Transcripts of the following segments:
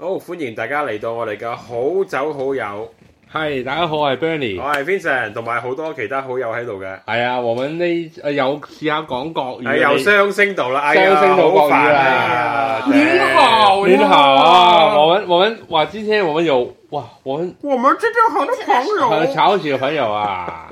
好、oh，歡迎大家嚟到我哋嘅好酒好友。係，大家好，我係 Bernie，我係 Vincent，同埋好多其他好友喺度嘅。係啊，我們呢，有試下講國語，又雙聲道啦，雙聲道好快啦。你雙星了雙星了、哎、好、啊，你好、啊，黃允、啊，黃允，哇、嗯，今、嗯、天、嗯嗯嗯、我們有哇，我們我們這邊好多朋友，好多幾個朋友啊。 .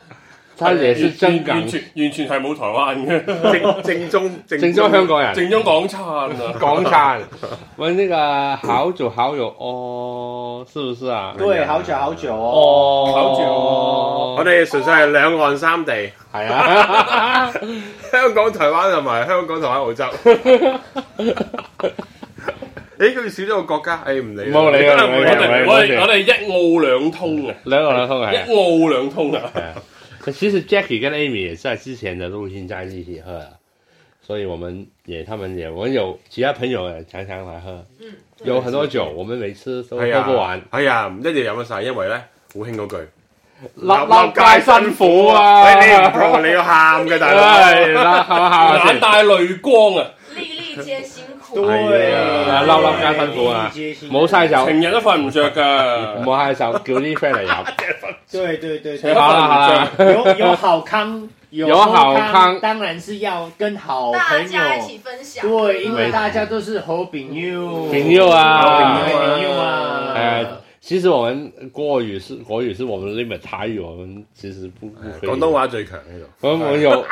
是真完全完全係冇台灣嘅正正宗，正宗，正，宗正宗香港人，正宗港產港產揾呢個烤就烤肉哦，是不是啊？對，烤就烤肉哦，烤肉、哦，我哋純粹係兩岸三地，係啊， 香港、台灣同埋香港、台灣、澳洲。誒、 欸，佢少咗個國家，誒、欸、唔理啦，理，理我哋我哋一澳兩通、嗯、啊。一澳兩通一澳通。可其實 Jacky 跟 Amy 也在之前的路線在一起喝，所以我們也，他們也，我有其他朋友也常常嚟喝，嗯，有很多酒，我們每次都喝不完，哎、呀，唔一定飲得晒，因為咧，好慶嗰句，粒粒皆辛苦啊，哎、你唔要喊嘅大佬、 哎，喊了喊眼帶淚光啊，粒粒皆辛苦。對啊，粒粒皆辛苦啊，冇嘥手，成日都瞓唔着噶，冇嘥手，叫啲 friend 嚟飲。對對對，好啦好啦，有有好，有好康，有好康，當然是要跟好朋友，好好朋友大家一起分享。對，對因為大家都是好朋友，朋友啊，朋友啊。誒、啊啊，其實我們國語是國語，是我們裏面台語，我們其實不，廣東話最強呢度， 我們有。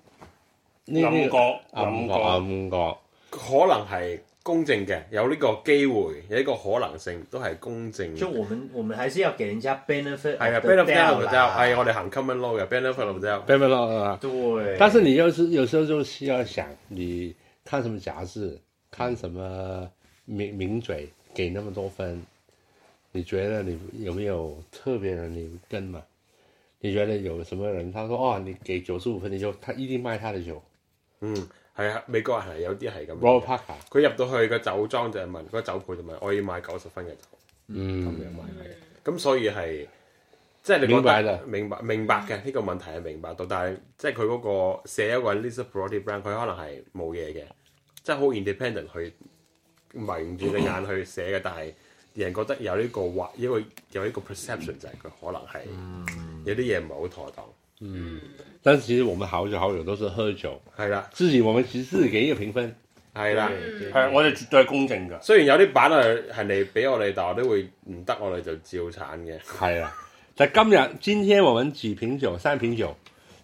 感覺，感、嗯、覺，感、嗯、覺、嗯嗯嗯，可能係公正嘅，有呢個機會，有呢個可能性都係公正嘅。就我們，我們還是要給人家 benefit of the doubt。係啊，benefit of the doubt 啊，哎、我哋行 common law 嘅 benefit of the doubt，benefit of the doubt 啊。對。但是你又是有時候就需要想，你看什麼雜誌，看什麼名名嘴，給那麼多分，你覺得你有沒有特別人你跟嘛？你覺得有什麼人，他說哦，你給九十五分，你就，他一定賣他的酒。嗯，係啊，美國人係有啲係咁。Robert Parker，佢入到去個酒莊就係問、個酒鋪，同埋我要買九十分嘅酒。嗯。咁樣買、就、係、是。咁所以係，即、就、係、是、你講明白啦。明白，明白嘅呢、這個問題係明白到，但係即係佢嗰個寫一個 Lisa Perrotti-Brown，佢可能係冇嘢嘅，即係好 Independent 去迷住隻眼去寫嘅， 但係人覺得有呢、這個畫，因為有呢個 perception 就係佢可能係有啲嘢唔係好妥當。嗯，但係其實我們好酒好友都是喝酒，係啦，我自己評我們其實自己給一個評分，係啦，係我哋絕對公正噶，雖然有啲版、係係你俾我哋，但我都會唔得我哋就照產嘅，係啦，但今日今天我們幾瓶酒，三瓶酒。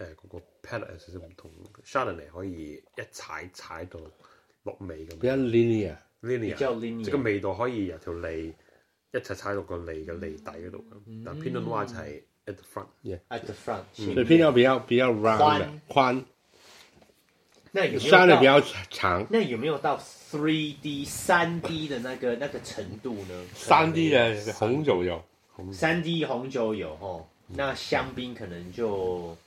誒嗰個 palate 有少少唔同，Chardonnay 可以一踩踩到落尾咁，比較 linear，比較 linear，即係個味道可以由條脷一踩踩到個脷嘅脷底嗰度咁。嗱，Pinot Noir 就係 at the front，at the front，所以 Pinot 比較比較 round，寬。那有冇 Chardonnay 比較長？那有冇到 three D、三 D 的那個那個程度呢？三 D 的紅酒有，三 D 紅酒有哦。那香檳可能就～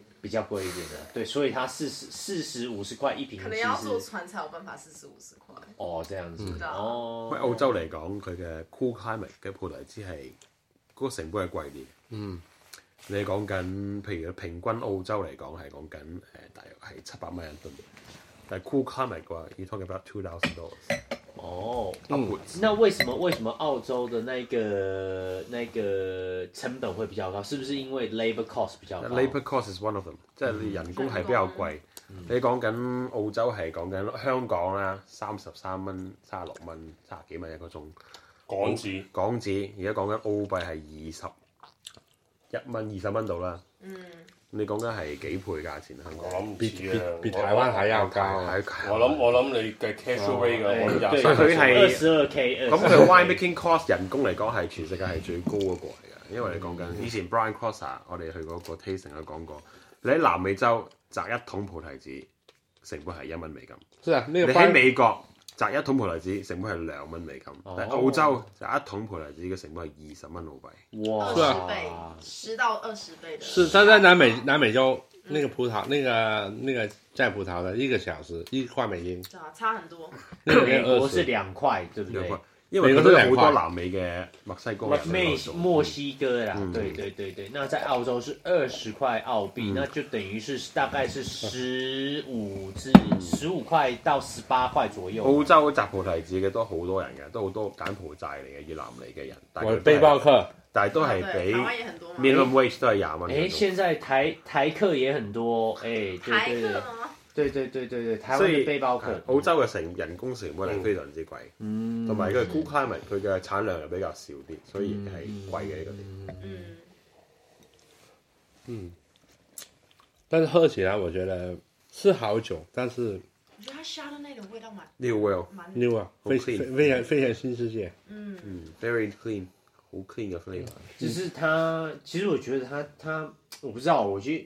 比較貴一點嘅，對，所以它四十四十五十塊一瓶，可能要做穿才有辦法四十五十塊。哦，這樣子、嗯嗯，哦，喺澳洲嚟講，佢嘅 cool climate 嘅葡萄只係嗰個成本係貴啲。嗯，你講緊，譬如平均澳洲嚟講係講緊誒，大約係七百蚊一噸，但係 cool climate 嘅話，you talk about two thousand dollars。哦、oh，嗯，那為什麼為什麼澳洲的那個那個成本會比較高？是不是因為 labour cost 比較高、The、？Labour cost is one of them，、嗯、即係你人工係比較貴。你講緊澳洲係講緊香港啦，三十三蚊、三十六蚊、三十幾蚊一個鐘，港紙，港紙，而家講緊澳幣係二十，一蚊、二十蚊度啦。嗯。你講緊係幾倍的價錢啊？香港，我諗唔止啊！台灣有價，我諗我諗你嘅 cash away 嘅，我諗廿。佢係咁，佢 wine making cost 人工嚟講係全世界係最高嗰個嚟㗎，因為你講緊以前 Brian Croser，我哋去嗰、那個 Tasting 有講過，你喺南美洲摘一桶葡提子成本係一蚊美金，這個、你喺美國。摘一桶葡萄子成本係兩蚊美金，oh. 但係澳洲就一桶葡萄子嘅成本係二十蚊澳幣。哇，二十倍，十到二十倍嘅。是，但在南美南美洲，那個葡萄，嗯、那個那個摘葡萄嘅一個小時一塊美金，差很多。嗰邊我是兩塊，對唔對？因為佢都有好多南美嘅墨西哥人，墨西哥墨西哥啦，嗯、對對對對，那在澳洲是二十塊澳幣，嗯、那就等於是大概是十五至十五塊到十八塊左右。嗯、澳洲摘葡提子嘅都好多人嘅，都好多柬埔寨嚟嘅越南嚟嘅人。我背包客，但係都係俾 minimum wage 都係廿蚊。誒、欸，現在台台客也很多，誒、欸、台客、啊。對對對對對對對對，台灣下啲背包客。澳洲嘅成、嗯、人工成本係非常之貴，同埋佢嘅 Gewurztraminer 佢嘅產量又比較少啲，所以係貴嘅呢個。嗯，但是喝起來，我覺得是好酒，但是。我覺得它蝦嘅嗰種味道嘛，New World, New 啊，clean, 非常非常新世界。嗯嗯，very clean，好 clean 啊，新世界。只是他，其實我覺得它，它，我不知道，我覺。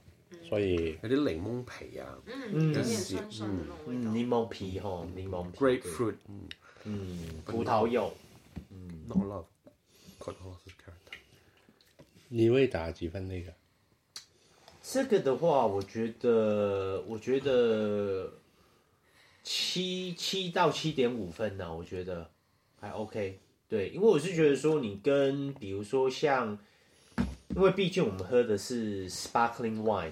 可以有、嗯、啲檸檬皮啊，一、嗯、少、嗯嗯、檸檬皮嗬檸檬皮，嗯，葡萄柚。Not love. 你會打幾分、這？那個？這個的話，我覺得，我覺得七七到七點五分呢、啊，我覺得還 OK。對，因為我是覺得說，你跟，比如說，像，因為畢竟我們喝的是 sparkling wine。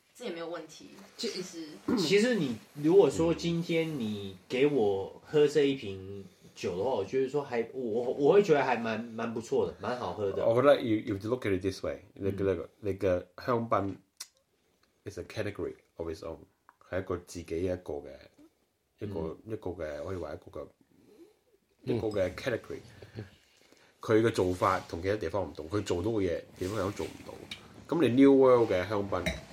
這也沒有問題，其實其實你如果說今天你給我喝這一瓶酒的話，我覺得說還我我會覺得還蠻蠻不錯的，蠻好喝的。我覺得 you you look at it this way，那個那個那個香檳，is a category of its own，係一個自己一個嘅一個、嗯、一個嘅可以話一個嘅、嗯、一個嘅 category。佢嘅做法同其他地方唔同，佢做到嘅嘢地方都做唔到。咁你 New World 嘅香檳。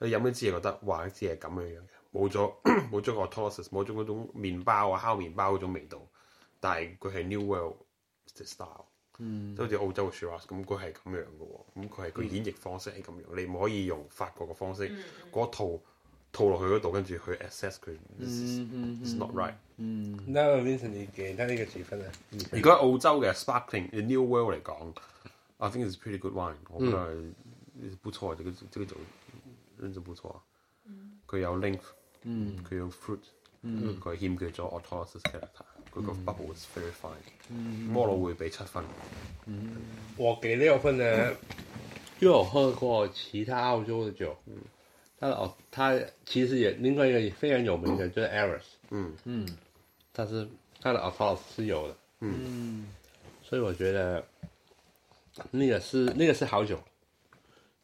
你飲一支，覺得哇！支係咁樣樣嘅，冇咗冇咗個 toast 冇咗嗰種麪包啊、烤麪包嗰種味道。但係佢係 New World style，即係好似澳洲嘅説話咁，佢係咁樣嘅喎。咁佢係佢演繹方式係咁樣，你唔可以用法國嘅方式嗰、嗯、套套落去嗰度，跟住去 a c c e s、嗯、s 佢、嗯。It's not right 嗯。嗯，David Vincent，記得呢個成分啊。如果澳洲嘅 sparkling New World 嚟講，I think it's pretty good wine、嗯。我覺得唔錯，呢個呢真是不錯佢、啊、有 link 佢有 fruit，佢、嗯、欠叫做 autolysis character、嗯。佢個 bubble was very fine，摩魯、嗯、會俾七分。我俾呢個分呢，因、嗯、為喝過其他澳洲嘅酒，但係他其實也另外一個非常有名的、嗯、就是、Arras 嗯嗯，但是佢的 autolysis 是有的嗯。嗯，所以我覺得，那個是那個是好酒。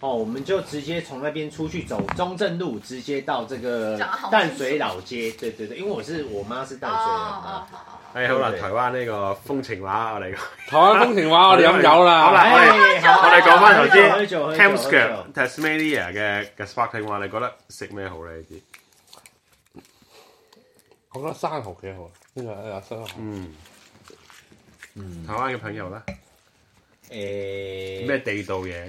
哦，我們就直接從那邊出去，走中正路，直接到這個淡水老街。對對對，因為我是我媽是淡水人啊。哎，好啦，台灣呢個風情話我哋講，台灣風情話我哋飲酒啦。好啦，我哋講翻頭先 Tamskia Tasmania 嘅嘅食法聽話，你覺得食咩好咧？呢啲，我覺得生蠔幾好，啊。呢個生蠔。嗯，嗯，台灣嘅朋友咧，誒，咩地道嘢？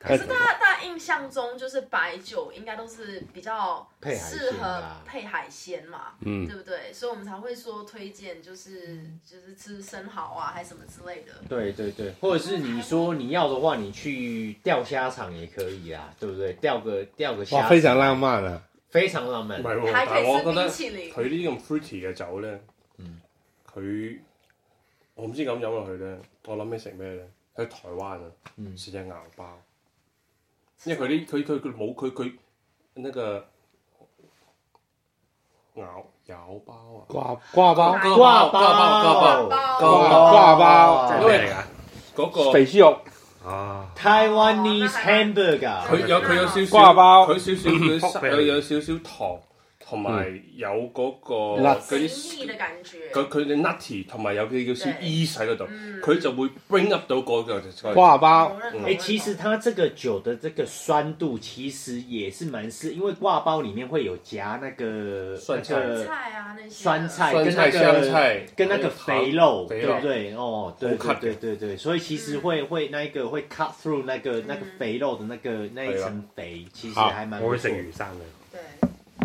可是大家大家印象中就是白酒應該都是比較適合配海鮮嘛，嘛，嗯，對不對？所以我們才會說推薦就是就是吃生蠔啊，還是什麼之類的。對對對，或者是你說你要的話，你去釣蝦場也可以啊，對不對？釣個釣個蝦，非常浪漫啊，非常浪漫。不是，但我覺得，佢呢種 fruity 嘅酒咧，嗯，佢我唔知咁飲落去咧，我諗起食咩咧？喺台灣啊，嗯，食隻牛包。因為佢啲佢佢佢冇佢佢呢個咬咬包啊，掛掛包，掛包，掛包，掛包，因為嗰個肥豬肉啊，Taiwanese hamburger，佢有佢有，有少少掛包，佢少少佢有少少糖。 嗯同埋有嗰、那個嗰啲，佢佢嘅 nutty，同埋有啲叫酸衣喺度，佢、嗯、就會 bring up 到嗰、那個掛包。誒、嗯那個那個嗯欸，其實它這個酒的這個酸度其實也是蠻，是因為掛包裡面會有夾那個菜、那個、酸菜啊，酸菜酸菜跟那個菜菜跟那個肥肉,肥肉，對,對,對，哦，對,對，對,對,對，對，對，所以其實會、嗯、會那一個會 cut through 那個那個肥肉的那個、嗯、那一層肥，其實還蠻。好、啊，我會食魚生嘅。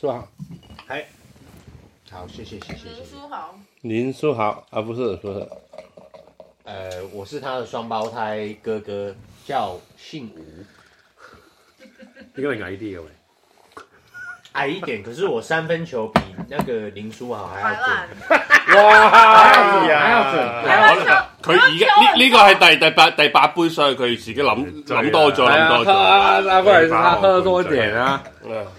說好，hey. 好，謝謝，謝謝，林書豪，林書豪啊，不是，不是，呃，我是他的雙胞胎哥，哥哥，叫姓吳。應該矮啲嘅喂，矮一點，可是我三分球比那個林書豪還要準。哇，矮、哎、啊，不可能，佢而家呢呢個係第第八第八杯，所以佢自己諗諗多咗，諗多咗、啊。啊，喝多喝多一點啊。啊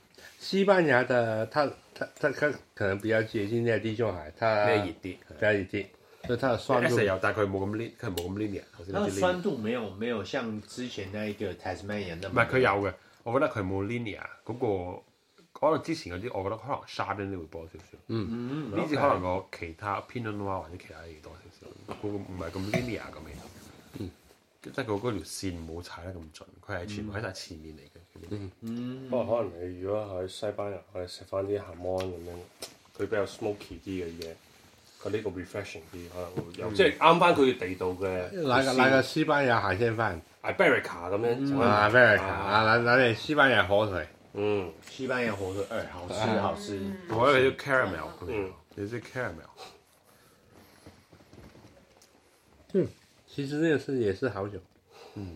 西班牙嘅，他他他可能比較接近呢啲地中海，他咩、那個、熱啲，比較熱啲，所以佢酸度一時有，但係佢冇咁咧，佢冇咁 linear。但係酸度沒有沒有像之前那一個 Tasmania 的。唔係佢有嘅，我覺得佢冇 linear 嗰、那個，可能之前嗰啲，我覺得可能 sharp 啲會多少少。呢、嗯、次、嗯、可能我其他 Pinot Noir 或者其他嘢多少少，嗰、那個唔係咁 linear 咁。味、嗯、道。即係佢嗰條線唔好踩得咁準，佢係全部喺曬、嗯、前面嚟嘅。嗯，不、嗯、過可能你如果喺西班牙，我哋食翻啲咸安咁樣，佢比較 smoky 啲嘅嘢，佢呢個 refreshing 啲有又、嗯、即係啱翻佢嘅地道嘅。哪、嗯、個哪個西班牙海鮮飯？Iberica 咁樣。嗯就是、Berica，啊 i b e r i c 西班牙火腿。嗯，西班牙火腿，誒、哎，好吃、啊，好我 caramel，你知 caramel。嗯，其實呢個是也是好酒。嗯。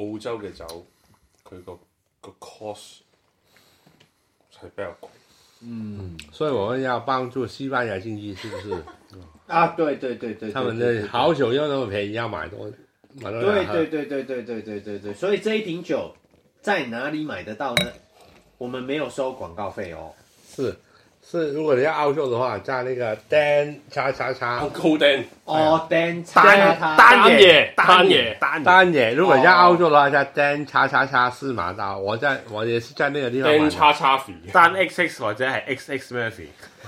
澳洲嘅酒，佢個個 cost 係比較高。嗯，所以我們要幫助西班牙經濟，是不是、 嗯？啊，對對對對，他們啲好酒又那麼便宜，要買多買多。對對對對對對對對對，所以這一瓶酒，在哪裡買得到呢？我們沒有收廣告費哦。是。如果你要澳洲的話，加那個丹叉叉叉，高丹哦，丹叉叉，單嘢，啊，單嘢。單嘢，如果要澳洲的話，a 丹叉叉叉，司，oh. 馬刀，我真我也是真有啲。丹叉叉是單 X X 或者係 X X Murphy。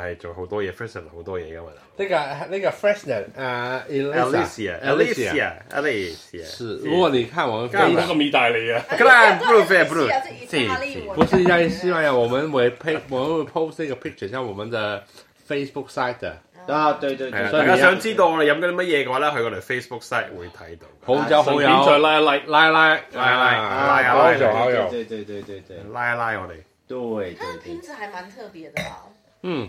係做好多嘢 freshman 好多嘢噶嘛。呢、這個呢、這個 freshman 啊，Elsa，Elsa，Elsa，如果你看我們，咁意大利啊，咁啊 blue 不是喺西班牙，啊 啊，我們會拍，我們會 post 一個 picture 喺我們的 Facebook site 啊。啊，對對對，大家、啊、想知道我哋飲緊啲乜嘢嘅話咧，去我哋 Facebook site 會睇到。好酒好友，拉拉拉拉拉拉拉拉，友拉。友，對對對對對，拉拉我哋。對、啊，佢嘅瓶子係蠻特別嘅。嗯。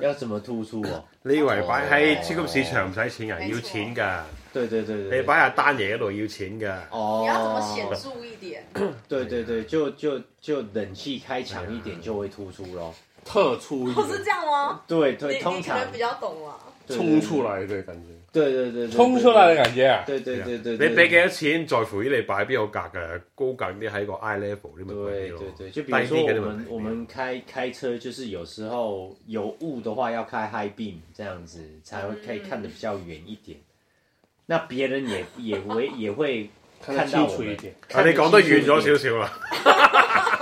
要怎麼突出、啊？你以為擺喺超級市場唔使錢啊、哦？要錢㗎、啊。對對對，你擺下單嘢嗰度要錢㗎。哦。你要怎麼顯著一點？ 對對對，就就就冷氣開強一點就會突出咯，嗯、特出一點。係咪咁啊？對對你，通常你你可能比較懂啊。衝出來嘅感覺，對對對，衝出來嘅感覺，對對對。你俾幾多錢，在乎於你擺邊個格嘅，高緊啲喺個 I level 呢邊。對對對，對，就比如說我們我們，我我我開開車，就是有時候有霧嘅話，要開 high beam，這樣子才會可以看得比較遠一,一點。那別人也也會也會睇得清楚一點。啊，你講得遠咗少少啊！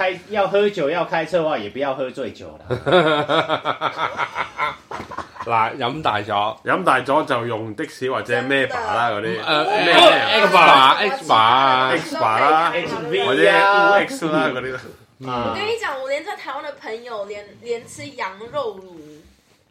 要喝酒要開車的話，也不要喝醉酒了。嗱， 飲大咗，飲大咗就用的士或者咩牌啦嗰啲，呃，X 牌、X 牌、X X 啦啲。我跟你講，我連在台灣的朋友，連連吃羊肉爐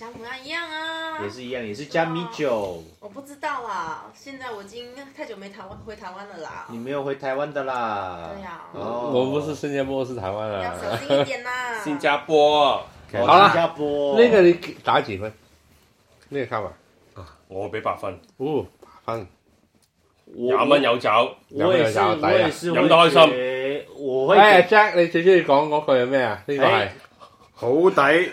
加五啊，一樣啊，也是一樣，也是加米酒。哦、我不知道啊，現在我已經太久沒台灣回台灣了啦。你沒有回台灣的啦。對呀、啊。Oh, 我不是新加坡，我是台灣啊。要小心一點啦、啊。 新加坡，好啦，新加坡，那、這個你打幾分？呢、這個卡牌啊，我俾八分。哦，八分。廿蚊有酒，飲又抵，飲得、得、得開心。哎呀，Jack，你最中意講嗰句係咩啊？呢、哎這個係好抵。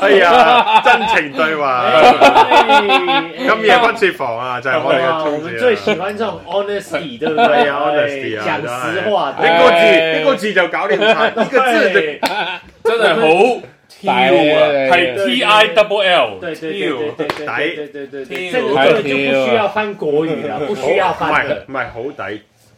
哎呀，真情對話，今夜不設防啊，就係我哋嘅宗旨，我哋最喜歡呢種 honesty，對唔對啊？講實話，一個字，一個字就搞掂，一個字就真係好抵啊！係 T I double L，對對對對對，抵對對對，甚至就唔需要翻國語啊！唔需要翻嘅，唔係好抵。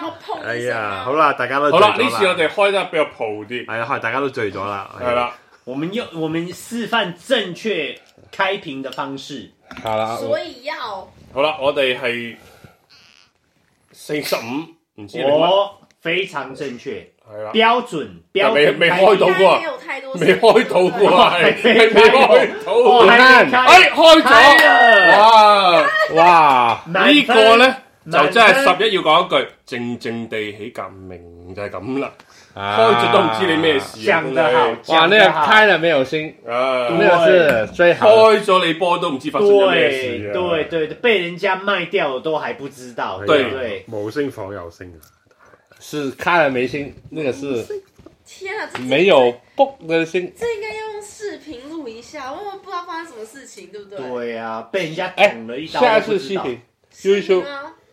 要要啊、哎呀，好啦，大家都醉了啦，好啦，呢次我哋開得比較蒲啲。係啊，係大家都醉咗啦。係啦，啦，我們要，我們示範正確開瓶的方式。係啦，所以要好啦，我哋係四十五，我非常正確，係啦，標準標準，未未開到過、啊、有太多，未開到過啊，未開到 沒， 哎，開咗，哇 哇， 個呢個咧。就真係十一要講一句，靜靜地起革命就係咁啦。開咗都唔知你咩事、啊，講得好。哇，你、那個、開咗沒有聲？啊、呢、那個是最好的。開咗你波都唔知發生咩事、啊。對對對，被人家賣掉都還不知道。對對，冇聲房有聲啊。是開咗沒聲，呢、那個是。天啊，沒有 book 的新。這，這應該要用視頻錄一下，我們不知道發生什麼事情，對不對？對啊，被人家捅了一刀、欸。下次視頻，YouTube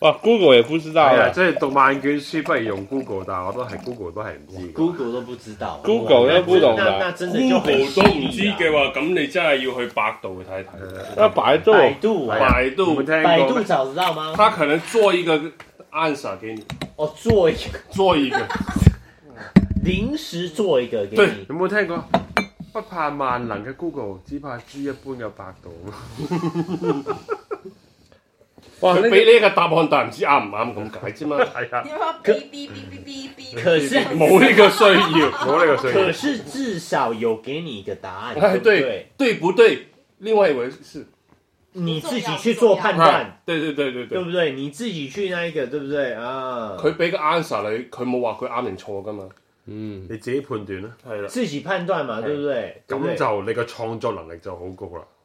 哇，Google 也不知道是不是，是啊，即、就、係、是、讀萬卷書不如用 Google，但係我都係 Google 都係唔知 Google 都不知道，不知道，Google 都唔懂、啊、那真的 Google 都唔知嘅話，咁你真係要去百度睇睇啦。百度，百度，百度有冇聽過？百度找得到嗎？他可能做一個答案給你，哦，做一個，做一個，臨 時做一個給你。對，有冇聽過？不怕萬能嘅 Google，只怕豬一般嘅百度。 佢俾你一個答案，但係唔知啱唔啱咁解啫嘛。係啊。可可可可可可是冇呢個需要，冇 呢個需要。可是至少有給你一個答案。哎，對對，對不對？另外一位是，你自己去做判斷。對對對對對，對不對？你自己去那一個，對不對啊？佢俾個 answer 你，佢冇話佢啱定錯噶嘛？嗯，你自己判斷啦、啊。係啦，自己判斷嘛，對不對？咁就你嘅創作能力就好高啦。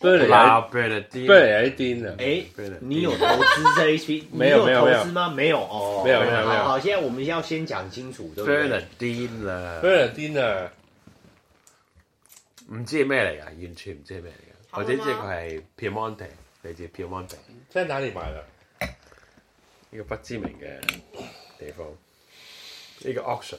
不是啦，Verdin，Verdin 啊，誒，你有投資這一期， 你，你有投資嗎 沒？沒有哦，沒有沒有沒有。好、oh, oh，現在我們要先講清楚就。Verdin 啊 Verdin 啊，唔知係咩嚟噶，完全唔知係咩嚟噶，或者知佢係 Piemonte，嚟自 Piemonte，真打電話啦，呢個不知名嘅地方，呢個 auction。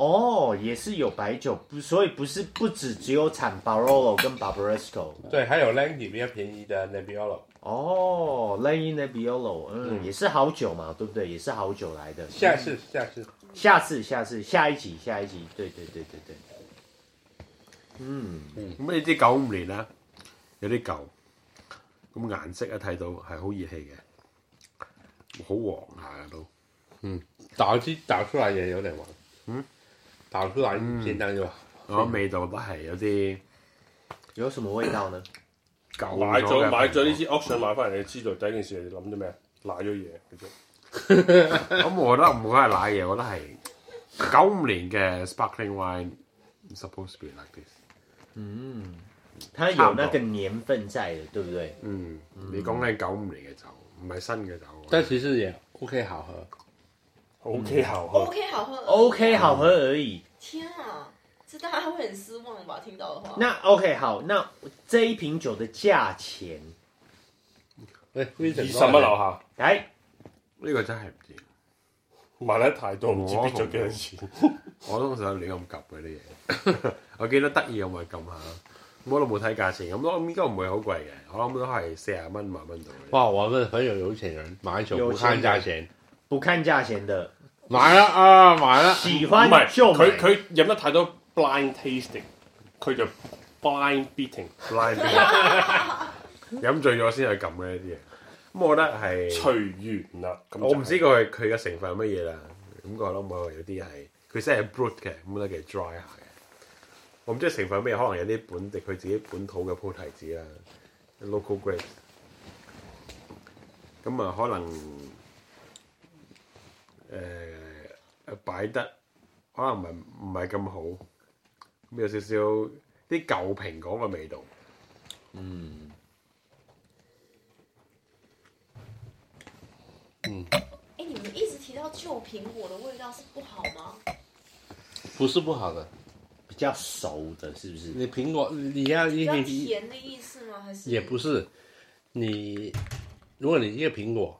哦，也是有白酒，不所以不是不止只有產 Barolo 跟 Barbaresco 對，還有 Langhe 比較便宜的 Nebbiolo。哦 Langhe Nebbiolo，嗯，嗯，也是好酒嘛，對不對？也是好酒來的。下次，下次，下次，下次，下一集，下一集，對對對對對。嗯，咁你啲九五年啦，有啲舊，咁顏色一睇到係好熱氣嘅，好黃下，啊、都，嗯，打支打出嚟嘢有啲黃，嗯。但係唔簡單嘅，嗰、嗯、味道都係有啲。有什麼味道呢？舊咗嘅。買咗買咗呢支屋想買翻嚟你知道，第一件事諗咗咩啊？瀨咗嘢，咁我覺得唔會係奶嘢，我覺得係九五年嘅 sparkling wine supposed to be like this。 嗯， 嗯，它有那個年份在嘅，對唔對？嗯，你講緊九五年嘅酒唔係新嘅酒。但係其實也、嗯、OK 好喝。O K 好，O K 好喝，O K 好喝而已。天啊，這大家會很失望吧？聽到的話。那 O K 好，okay, 那這一瓶酒的價錢，二十蚊樓下。哎，呢、呢個真係唔知，買得太多，我畀咗幾多錢？我通常亂咁夾嘅啲嘢， 東西 我見到得意我咪撳下。我都冇睇價錢，咁應該唔會好貴嘅，我諗都係四廿蚊萬蚊度。哇，我咁嘅很有，有錢人，買酒唔看價錢。不看價錢的，買啦啊買啦，喜歡唔係佢佢飲得太多 blind tasting，佢就 blind beating blind，beating。飲 blind 醉咗先係咁嘅啲嘢。咁我覺得係隨緣啦、就是。我唔知佢佢嘅成分係乜嘢啦。咁嗰啲冇有啲係佢真係 brut 嘅，咁咧佢 dry 下嘅。我唔知道佢佢嘅成分係咩， 可能有啲本地佢自己本土嘅葡提子啦。local grapes 咁啊可能。誒、呃、誒擺得可能唔唔係咁好，咁有少少啲舊蘋果嘅味道，嗯，嗯。誒、欸，你們一直提到舊蘋果嘅味道是不好嗎？不是不好的，比較熟的，是不是？你蘋果你要比較甜的意思嗎？還是？也不是，你如果你一個蘋果。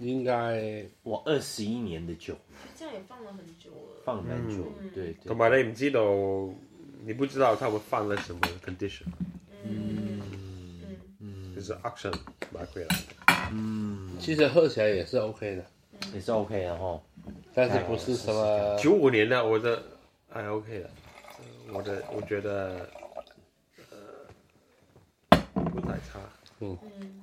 應該我二十一年的酒，咁樣也放了很久了。放很久了，嗯、對，對，對，同埋你唔知道，你不知道佢會放了什麼 condition。嗯嗯嗯，呢、就是、action 嗯，其實喝起來也是 OK 的，嗯、也是 OK 的吼、嗯。但是不是什麼九五年的還、OK，我的，哎 OK 的，我的我覺得呃。唔太差。嗯。嗯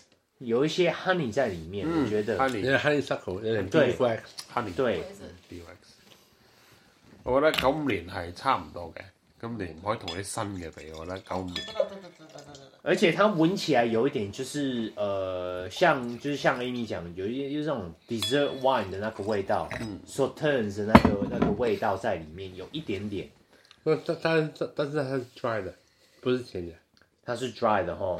有一些 honey 在裏面，嗯、我覺得。嗯。有點 honey circle，有點。對。bex。對。我覺得九五年還差唔多嘅，今年唔可以同啲新嘅比。我覺得九五年。而且它聞起來有一點、就是呃，就是呃，像就是像 Amy 講，有一些就是那種 dessert wine 的那個味道，嗯 ，Sauternes 那個那個味道在裏面有一點點。那它它它但是它是 dry 的，不是甜的，它是 dry 的哈。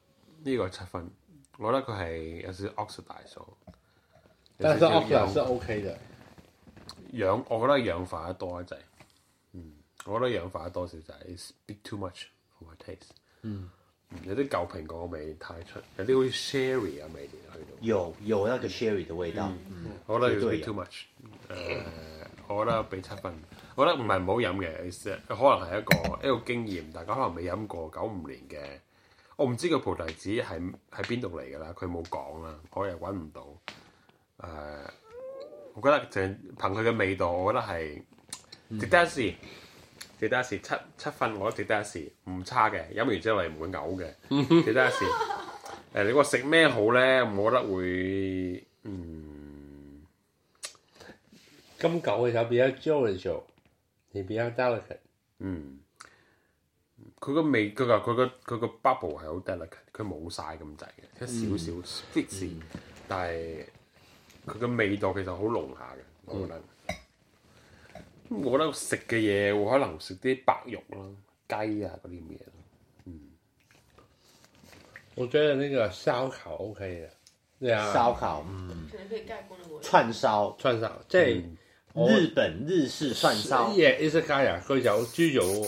呢、這個七分，我覺得佢係有少少 oxidized，但係 oxidized 係 O K 嘅。氧、ok，我覺得氧化得多一陣、就是，嗯，我覺得氧化得多少就是、it's bit too much for my taste。嗯，有啲舊蘋果味太出，有啲好似 sherry 嘅味嚟去到。有有那個 sherry 的味道、嗯嗯嗯嗯嗯嗯，我覺得要 it's a bit too much。 uh, 我覺得俾七分，我覺得唔係唔好飲嘅，it's, 可能係一個 一個經驗，大家可能未飲過九五年嘅。我唔知個葡提子係喺邊度嚟㗎啦，佢冇講啦，我又揾唔到。誒、呃，我覺得淨憑佢嘅味道，我覺得係值得一試。值得一試，七七分我都值得一試，唔差嘅。飲完之後我哋唔會嘔嘅， 值得一試。誒、呃，你話食咩好咧？我覺得會，嗯，金九有啲 joys 做，有啲比較，較 delicate，嗯。佢個味，佢話佢個佢個 bubble 係好 delicate，佢冇晒咁滯嘅，一少少 fizzy 但係佢個味道其實好濃下嘅，我覺得。我覺得食嘅嘢，會可能食啲白肉咯，雞啊嗰啲嘢咯。嗯，我覺得呢、啊嗯、個燒烤 OK 嘅，燒烤，嗯、可可串燒串燒，即係、嗯、日本日式串燒。係，依家佢有豬肉。